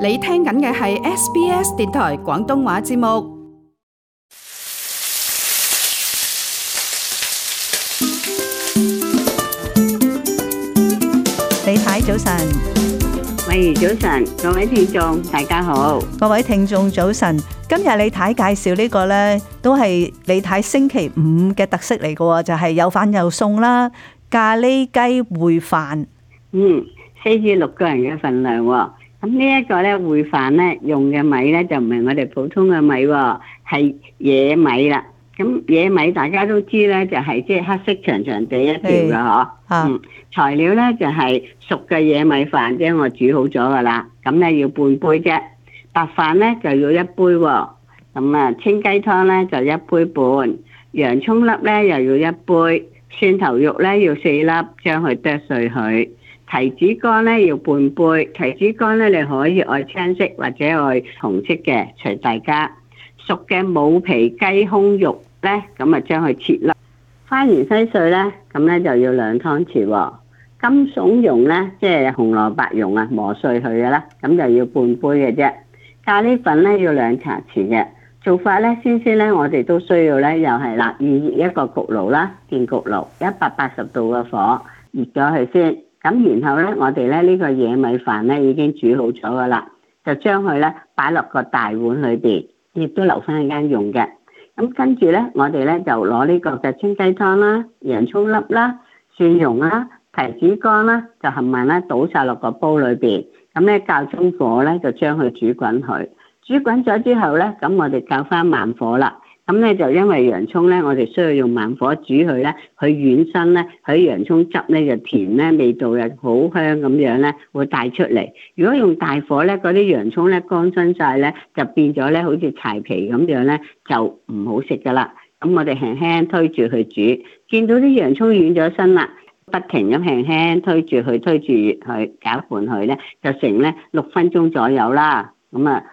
你聽緊嘅係 SBS 電台廣東話節目。李太早晨，喂，早晨，各位聽眾大家好，各位聽眾早晨。今日李太介紹呢個咧，都係李太星期五嘅特色嚟嘅，就係有飯又餸啦，咖喱雞燴飯，嗯，四至六個人嘅份量。咁呢一個咧，會飯咧用嘅米咧就唔係我哋普通嘅米，哦，係野米啦。咁野米大家都知咧，就係即係黑色長長地一條嘅呵。啊、嗯，材料咧就係、是、熟嘅野米飯，即係我煮好咗嘅啦。咁咧要半杯啫，白飯咧就要一杯，哦。咁啊，清雞湯咧就一杯半，洋葱粒咧又要一杯，蒜頭肉咧要四粒，將佢剁碎佢。提子乾咧要半杯，提子乾咧你可以愛青色或者愛紅色嘅，隨大家。熟嘅冇皮雞胸肉咧，咁啊將佢切粒，花園西碎咧，咁咧就要兩湯匙。金笋蓉咧，即係紅蘿蔔蓉啊，磨碎佢嘅啦，咁就要半杯嘅啫。咖喱粉咧要兩茶匙嘅。做法咧，先先咧，我哋都需要咧，又係啦，預熱一個焗爐啦，電焗爐一百八十度嘅火，熱咗佢先。咁然後咧，我哋咧呢個野米飯咧已經煮好咗噶啦，就將佢咧擺落個大碗裏邊，亦都留翻一間用嘅。咁跟住咧，我哋咧就攞呢個嘅清雞湯啦、洋葱粒啦、蒜蓉啦、提子乾啦，就慢慢咧倒晒落個煲裏邊。咁咧較中火咧就將佢煮滾佢，煮滾咗之後咧，咁我哋較翻慢火啦。咁咧就因為洋葱咧，我哋需要用慢火煮佢咧，佢軟身咧，佢啲洋葱汁咧就甜咧，味道又好香咁樣咧，會帶出嚟。如果用大火咧，嗰啲洋葱咧乾身晒咧，就變咗咧好似柴皮咁樣咧，就唔好食㗎喇。咁我哋輕輕推住佢煮，見到啲洋葱軟咗身啦，不停咁輕輕推住佢推住佢攪拌佢咧，就成咧六分鐘左右啦。咁啊～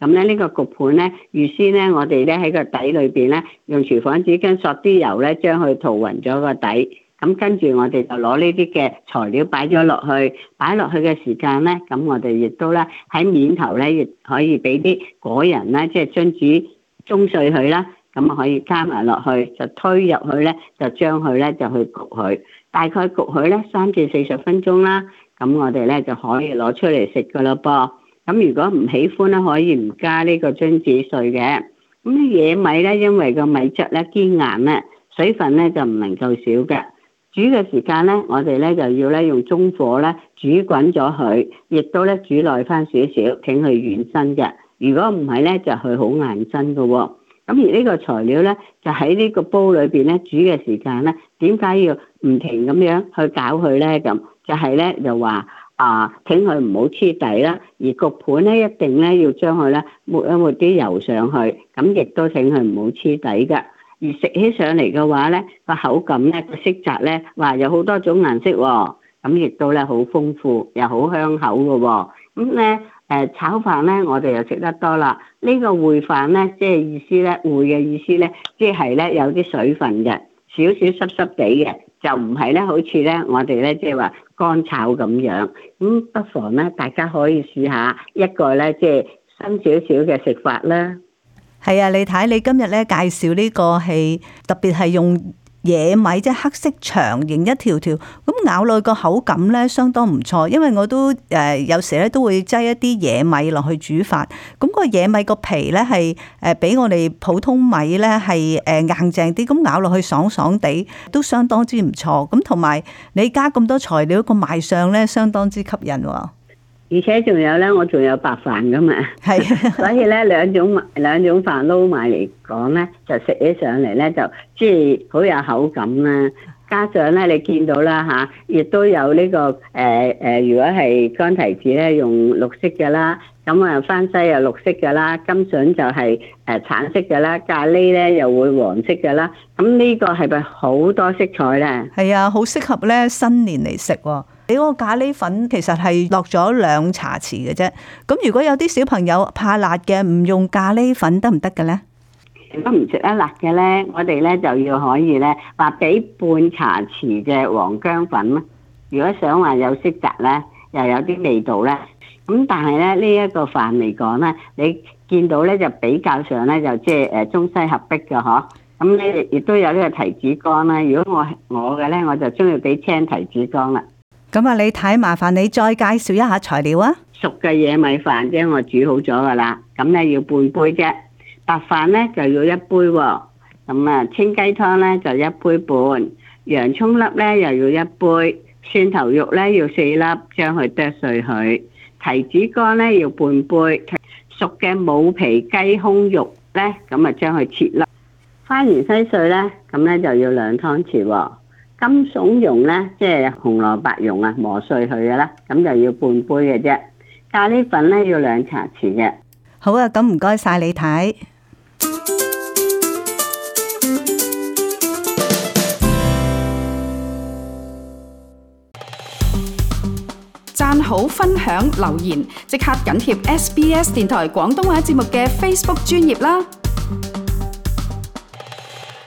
咁咧呢個焗盤咧，預先咧我哋咧喺個底裏邊咧，用廚房紙巾索啲油咧，將佢塗勻咗個底。咁跟住我哋就攞呢啲嘅材料擺咗落去，擺落去嘅時間咧，咁我哋亦都咧喺面頭咧亦可以俾啲果仁咧，即係將子中碎佢啦，咁可以加埋落去，就推入去咧，就將佢咧就去焗佢。大概焗佢咧三至四十分鐘啦，咁我哋咧就可以攞出嚟食噶喇噃。咁如果唔喜歡咧，可以唔加呢個榛子碎嘅。咁啲野米咧，因為個米質咧堅硬咧，水分咧就唔能夠少嘅。煮嘅時間咧，我哋咧就要咧用中火咧煮滾咗佢，亦都咧煮耐翻少少，請佢軟身嘅。如果唔係咧，就佢、是、好硬身嘅。咁而呢個材料咧，就喺呢個煲裏邊咧煮嘅時間咧，點解要唔停咁樣去搞佢咧？咁就係咧，就話、是。就啊！請佢唔好黐底啦，而焗盤咧一定咧要將佢咧抹一抹啲油上去，咁亦都請佢唔好黐底嘅。而食起上嚟嘅話咧，個口感咧、個色澤咧，話有好多種顏色喎、哦，咁亦都咧好豐富，又好香口嘅喎、哦。咁咧誒炒飯咧，我哋又食得多啦。這個、呢個燴飯咧，即、就、係、是、意思咧，燴嘅意思咧，即係咧有啲水分嘅，少少濕濕地嘅。就唔係咧，好似咧，我哋咧即係話乾炒咁樣，咁、嗯、不妨咧大家可以試下一個咧即係新少少嘅食法啦。係啊，你睇你今日咧介紹呢個係特別係用。野米即係、就是、黑色長形一條條，咁咬落去個口感咧相當唔錯，因為我都誒有時咧都會擠一啲野米落去煮飯，咁、那個野米個皮咧係誒比我哋普通米咧係誒硬淨啲，咁咬落去爽爽地都相當之唔錯，咁同埋你加咁多材料個賣相咧相當之吸引。而且仲有咧，我仲有白飯噶嘛， 所以咧兩種兩種飯撈埋嚟講咧，就食起上嚟咧就即係好有口感啦、啊。加上咧，你見到啦吓，亦都有呢、呢個誒誒、呃呃，如果係乾提子咧，用綠色嘅啦，咁啊番西又綠色嘅啦，金筍就係誒橙色嘅啦，咖喱咧又會黃色嘅啦。咁呢個係咪好多色彩咧？係啊，好適合咧新年嚟食喎。你嗰個咖喱粉其實係落咗兩茶匙嘅啫，咁如果有啲小朋友怕辣嘅，唔用咖喱粉得唔得嘅呢？如果唔食得辣嘅呢，我哋呢就要可以呢話俾半茶匙嘅黃薑粉咯。如果想話有色澤呢，又有啲味道呢。咁但係呢，呢一個飯嚟講呢，你見到呢就比較上呢，就即係誒中西合璧嘅嗬。咁你亦都有呢個提子乾啦。如果我我嘅呢，我就中意俾青提子乾啦。咁啊，你睇麻煩你再介紹一下材料啊。熟嘅野米飯啫，我煮好咗噶啦。咁咧要半杯啫，白飯咧就要一杯。咁啊，清雞湯咧就一杯半，洋蔥粒咧又要一杯，蒜頭肉咧要四粒，將佢剁碎佢。提子乾咧要半杯，熟嘅冇皮雞胸肉咧，咁啊將佢切粒。番芫西碎咧，咁咧就要兩湯匙。甘筍蓉咧，即係紅蘿蔔蓉啊，磨碎佢嘅啦，咁就要半杯嘅啫。咖喱粉咧要兩茶匙嘅。好啊，咁唔該晒你睇。讚好、分享、留言，即刻緊貼 SBS 電台廣東話節目嘅 Facebook 專頁啦。